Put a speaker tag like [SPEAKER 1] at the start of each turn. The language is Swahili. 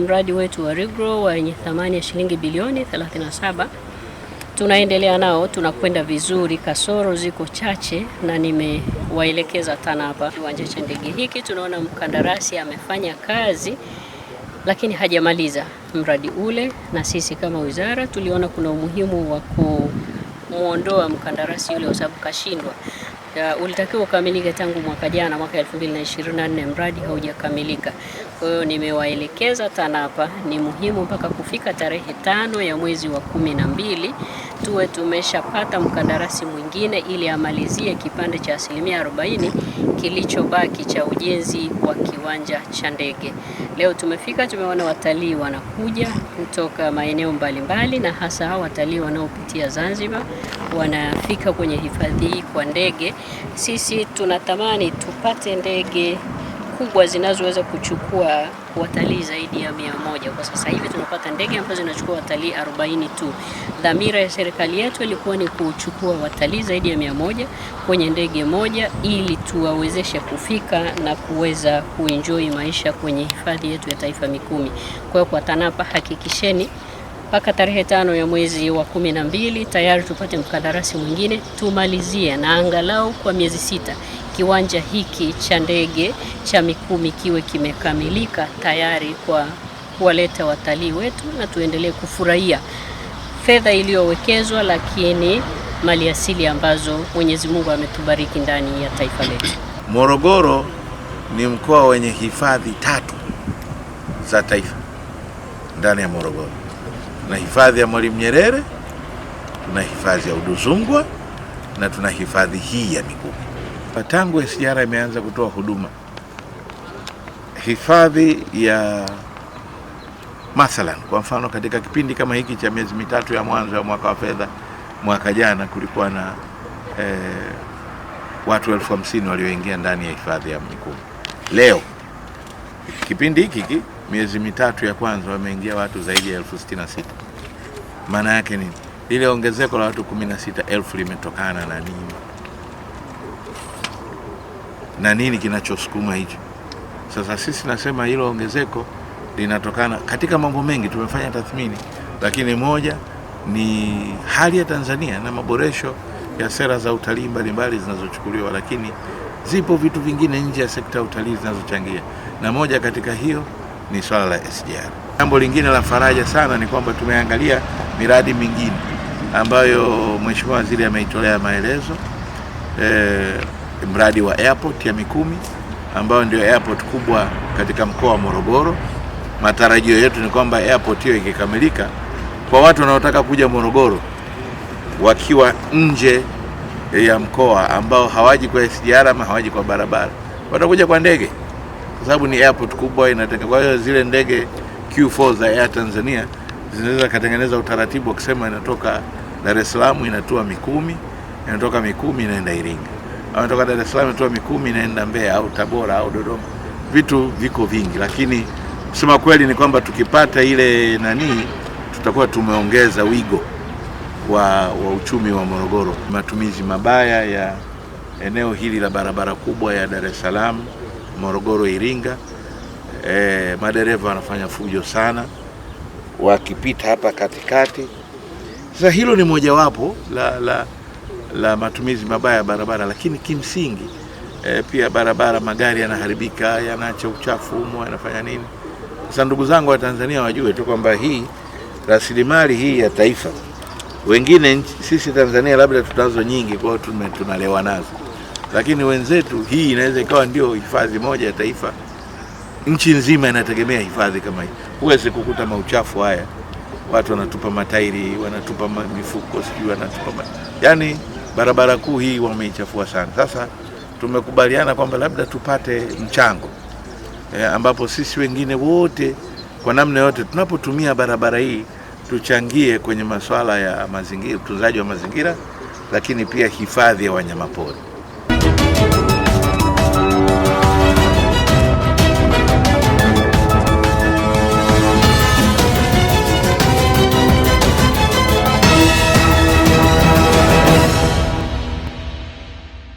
[SPEAKER 1] Mradi wetu wa Regrow wenye thamani ya shilingi bilioni 37 tunaendelea nao, tunakwenda vizuri, kasoro ziko chache na nimewaelekeza tana hapa kiwanja cha ndege hiki. Tunaona mkandarasi amefanya kazi lakini hajamaliza mradi ule, na sisi kama wizara tuliona kuna umuhimu wa kumwondoa mkandarasi yule kwa sababu kashindwa. Ulitakiwa ukamilike tangu mwaka jana, mwaka 2024 mradi haujakamilika. Kwa hiyo nimewaelekeza TANAPA ni muhimu mpaka kufika tarehe tano ya mwezi wa kumi na mbili tuwe tumeshapata mkandarasi mwingine ili amalizie kipande cha asilimia 40 kilichobaki cha ujenzi wa kiwanja cha ndege. Leo tumefika, tumeona watalii wanakuja kutoka maeneo mbalimbali, na hasa watalii wanaopitia Zanzibar wanafika kwenye hifadhi hii kwa ndege. Sisi tunatamani tupate ndege kubwa zinazoweza kuchukua watalii zaidi ya mia moja. Kwa sasa hivi tunapata ndege ambazo zinachukua watalii 40 tu. Dhamira ya serikali yetu ilikuwa ni kuchukua watalii zaidi ya mia moja kwenye ndege moja ili tuwawezeshe kufika na kuweza kuenjoy maisha kwenye hifadhi yetu ya taifa Mikumi. Kwa hiyo kwa TANAPA hakikisheni mpaka tarehe tano ya mwezi wa kumi na mbili tayari tupate mkandarasi mwingine tumalizie na angalau kwa miezi sita kiwanja hiki cha ndege cha Mikumi kiwe kimekamilika tayari kwa kuwaleta watalii wetu, na tuendelee kufurahia fedha iliyowekezwa, lakini mali asili ambazo Mwenyezi Mungu ametubariki ndani ya taifa letu.
[SPEAKER 2] Morogoro ni mkoa wenye hifadhi tatu za taifa. Ndani ya Morogoro tuna hifadhi ya Mwalimu Nyerere, tuna hifadhi ya Udzungwa na tuna hifadhi hii ya Mikumi tangu SGR imeanza kutoa huduma hifadhi ya mathalan, kwa mfano katika kipindi kama hiki cha miezi mitatu ya mwanzo ya mwaka wa fedha, mwaka jana kulikuwa na eh, watu elfu hamsini walioingia ndani ya hifadhi ya Mikumi. Leo kipindi hiki miezi mitatu ya kwanza wameingia watu zaidi ya elfu sitini na sita. Maana yake nini? Lile ongezeko la watu kumi na sita elfu limetokana na nini? na nini kinachosukuma hicho. Sasa sisi nasema hilo ongezeko linatokana katika mambo mengi, tumefanya tathmini, lakini moja ni hali ya Tanzania na maboresho ya sera za utalii mbalimbali zinazochukuliwa, lakini zipo vitu vingine nje ya sekta ya utalii zinazochangia, na moja katika hiyo ni swala la SGR. Jambo lingine la faraja sana ni kwamba tumeangalia miradi mingine ambayo Mheshimiwa Waziri ameitolea maelezo eh, mradi wa airport ya Mikumi ambayo ndio airport kubwa katika mkoa wa Morogoro. Matarajio yetu ni kwamba airport hiyo ikikamilika, kwa watu wanaotaka kuja Morogoro wakiwa nje ya mkoa ambao hawaji kwa SGR ama hawaji kwa barabara, watakuja kwa ndege, kwa sababu ni airport kubwa inatenga. Kwa hiyo zile ndege Q4 za Air Tanzania zinaweza katengeneza utaratibu wa kusema inatoka Dar es Salaam inatua Mikumi, inatoka Mikumi inaenda Iringa wanatoka Dar es Salaam natoa Mikumi naenda Mbeya au Tabora au Dodoma. Vitu viko vingi, lakini kusema kweli ni kwamba tukipata ile nani, tutakuwa tumeongeza wigo wa, wa uchumi wa Morogoro. Matumizi mabaya ya eneo hili la barabara kubwa ya Dar es Salaam Morogoro Iringa, e, madereva wanafanya fujo sana wakipita hapa katikati. Sasa hilo ni mojawapo la, la la matumizi mabaya ya barabara, lakini kimsingi e, pia barabara, magari yanaharibika, yanaacha uchafu humo, yanafanya nini? Sasa ndugu zangu wa Tanzania wajue tu kwamba hii rasilimali hii ya taifa, wengine sisi Tanzania labda tutazo nyingi, kwa hiyo tunalewa nazo, lakini wenzetu hii inaweza ikawa ndio hifadhi moja ya taifa. Nchi nzima inategemea hifadhi kama hii. Huwezi kukuta mauchafu haya, watu wanatupa matairi, wanatupa mifuko, sijui wanatupa ma... Yaani barabara kuu hii wameichafua sana. Sasa tumekubaliana kwamba labda tupate mchango e, ambapo sisi wengine wote kwa namna yote tunapotumia barabara hii tuchangie kwenye masuala ya mazingira, utunzaji wa mazingira, lakini pia hifadhi ya wanyamapori.